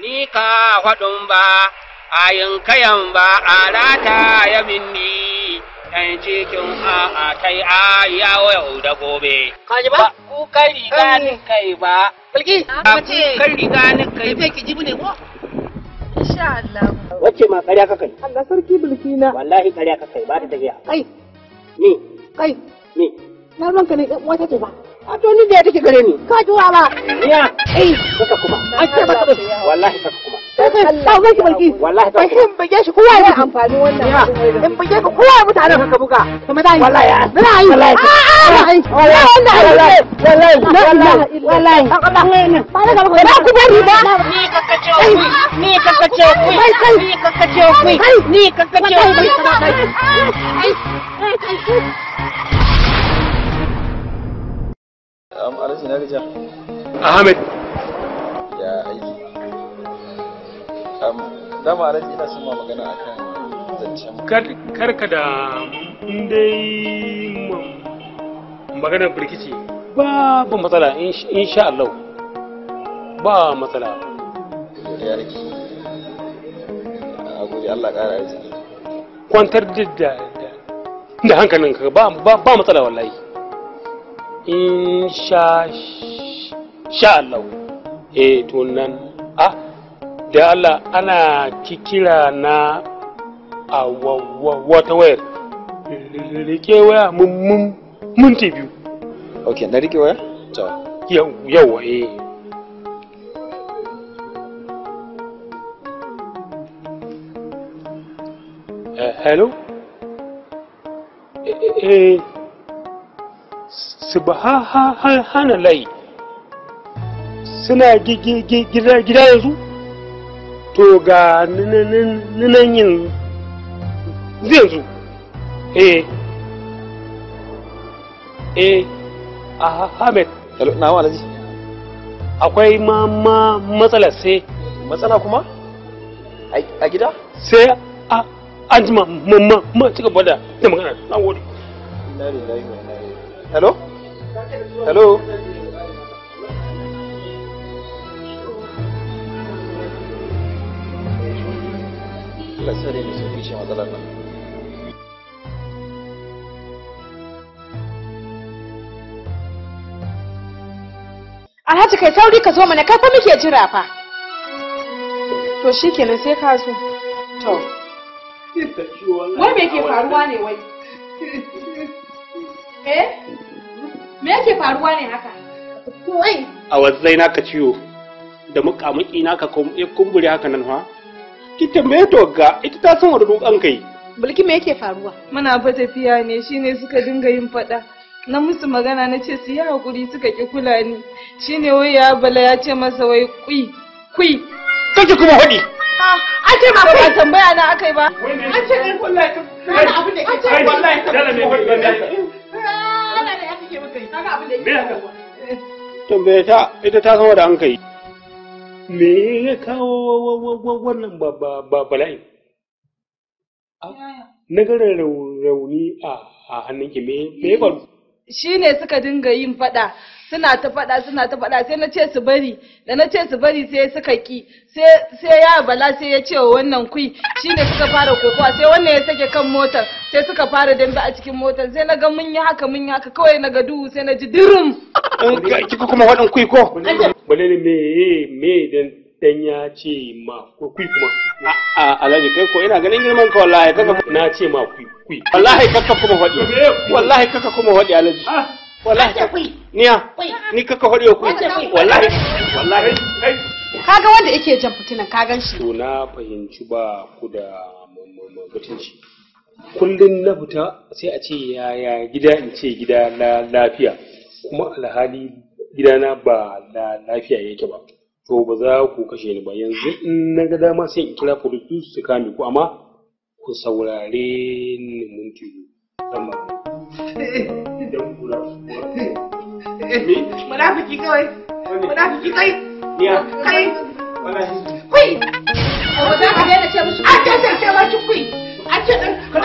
ni ka faɗin ba a kayan ba a rata ya minni ɗan cikin a kai a yawo yau da gobe. Kaji ba? Ku kai riga ni kai ba. Kulki? Ku kai riga ni kai ba. Kai jibu ki ko? Insha Allah. Wace ma karya ka kai? Allah sarki bilkina. Wallahi karya ka kai ba da tafiya. Kai. Ni. Kai. Ni. Na ranka ne ɗan uwa ta ce ba. a to ni da take gare ni ka juwa ba ya eh saka kuma an ce maka bas wallahi saka kuma Allah zai barki wallahi ta in bige shi kowa ya amfani wannan in bige ka kowa haka buga kuma dai ah, ah, ah. wallahi wallahi wallahi wallahi wallahi wallahi wallahi da ni kakkace ku ni kakkace ku ni alaji na gaja. Ahmed. Ya aiki. Am dama alaji ina son ma magana akan zancen. Kar ka da in dai maganar birkici babu matsala in sha Allah ba matsala. Ya aiki. A gode Allah ƙara arziki. Kwantar da hankalinka ba matsala wallahi. insha sha Allah eh to nan ah da Allah ana kikira na a wata wayar rike waya mun minti biyu ok na rike waya to yawa eh. eh hello eh, eh, eh hana layi suna gida yanzu to ga nunan yin zai E eh, eh. a ahmed na alaji akwai ma ma matsala sai matsala kuma a gida sai a an ji ma ma ma cika bada da magana na gode hello hello Allah tsare shi matsalar nan Alhaji kai sauri ka zo mana kai fa muke jira fa. To shikenan sai ka zo. To. Wai me ke faruwa ne wai? Eh? Me yake faruwa ne haka? Wai. A wazzai ka ciwo da muƙamuƙi naka eh, kumburi haka nan ha? Ki tambaye dogga ita ta san wani dukan kai. Bulki me yake faruwa? Muna ba tafiya ne shine suka dinga yin faɗa. Na musu magana na ce su yi hakuri suka ki kula ni. Shine wai ya bala ya ce masa wai kui kui. Kake kuma haɗi. a ce ba ba tambaya na akai ba. An ce ne kullai. Wani abu da ke ce wallahi. Tambaye ta ita ta sama da an kai. Me ya kawo wannan bala'in? Na gara rauni a hannun ki me ya faru? Shi ne suka dinga yin faɗa. suna ta faɗa suna ta faɗa sai na ce su bari da na ce su bari sai suka ki sai ya bala sai ya ce wa wannan kui ne suka fara kokowa sai wannan ya sake kan motar sai suka fara dambe a cikin motar sai na ga mun yi haka mun yi haka kawai na ga duhu sai na ji dirum kika kuma wadan kui ko ne me me dan dan ya ce ma ko kui kuma a alhaji kai ko ina ganin girman ka wallahi kaka na ce ma kui kui wallahi kaka kuma wadi wallahi kaka kuma wadi alhaji ah. wallahi niya ni kaka fadi kui wallahi wallahi kaga wanda yake jan fitinan ka gan shi to na fahimci ba ku da mutunci kullum na fita sai a ce yaya gida in ce gida na lafiya kuma alhali gida na ba na lafiya yake ba to ba za ku kashe ni ba yanzu in na ga dama sai in kira police su kame ku amma ku saurare ni mun tudu amma idan ku da munafiki kawai munafiki kai kai kai ko za ka daina ce musu a ce ce ce ba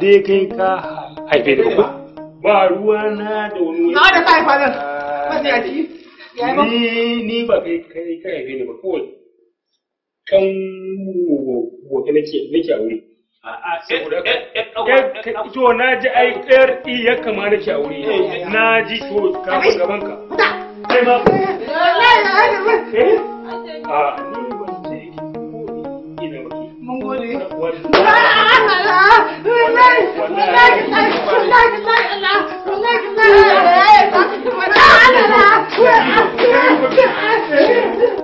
dai kai ka haife da ba ba ruwa na da wani na da kai fa nan ba ni ba kai kai ka haife da ba kan woke nake nake aure to na ji ai ɗayar iya kama a wuri na ji to kafin gaban ka kai ma Thank you.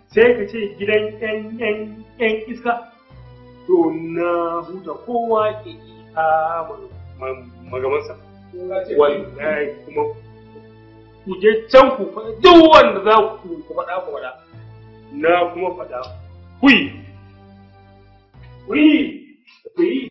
sai ka ce gidan yan yan iska to na huta kowa ke ita magamansa wallahi kuma ku je can ku faɗa duk wanda za ku faɗa ku faɗa na kuma faɗa kuyi kuyi kuyi